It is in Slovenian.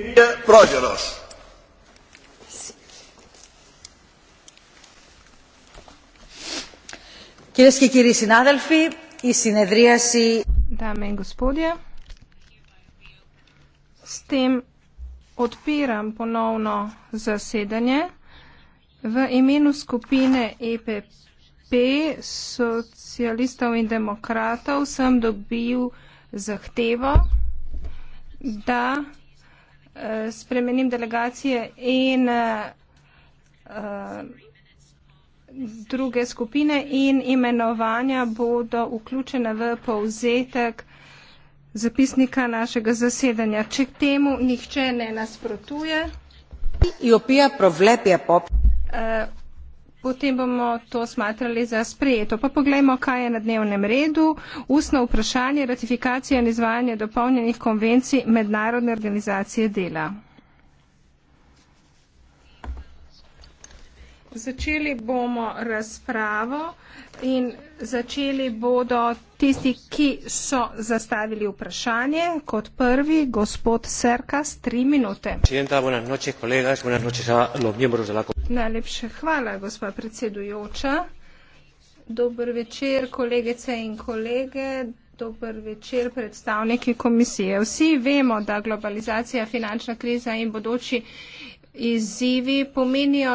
κυρία Πρόγερος. Κυρίες και κύριοι συνάδελφοι, η συνεδρίαση... Δάμε, Γκοσπούδια. Στην Odpiram ponovno zasedanje. V imenu skupine EPP, socialistov in demokratov, sem dobil zahtevo, da Eh, spremenim delegacije in eh, eh, druge skupine in imenovanja bodo vključene v povzetek zapisnika našega zasedanja. Če temu nihče ne nasprotuje, Potem bomo to smatrali za sprejeto. Pa poglejmo, kaj je na dnevnem redu. Ustno vprašanje, ratifikacija in izvajanje dopolnjenih konvencij Mednarodne organizacije dela. Začeli bomo razpravo in začeli bodo tisti, ki so zastavili vprašanje. Kot prvi, gospod Serkas, tri minute. Presidenta, buenas noches, kolegas, buenas noches a los miembros de la komisija. Najlepša hvala, gospa predsedujoča. Dober večer, kolegice in kolege. Dober večer, predstavniki komisije. Vsi vemo, da globalizacija, finančna kriza in bodoči izzivi pomenijo,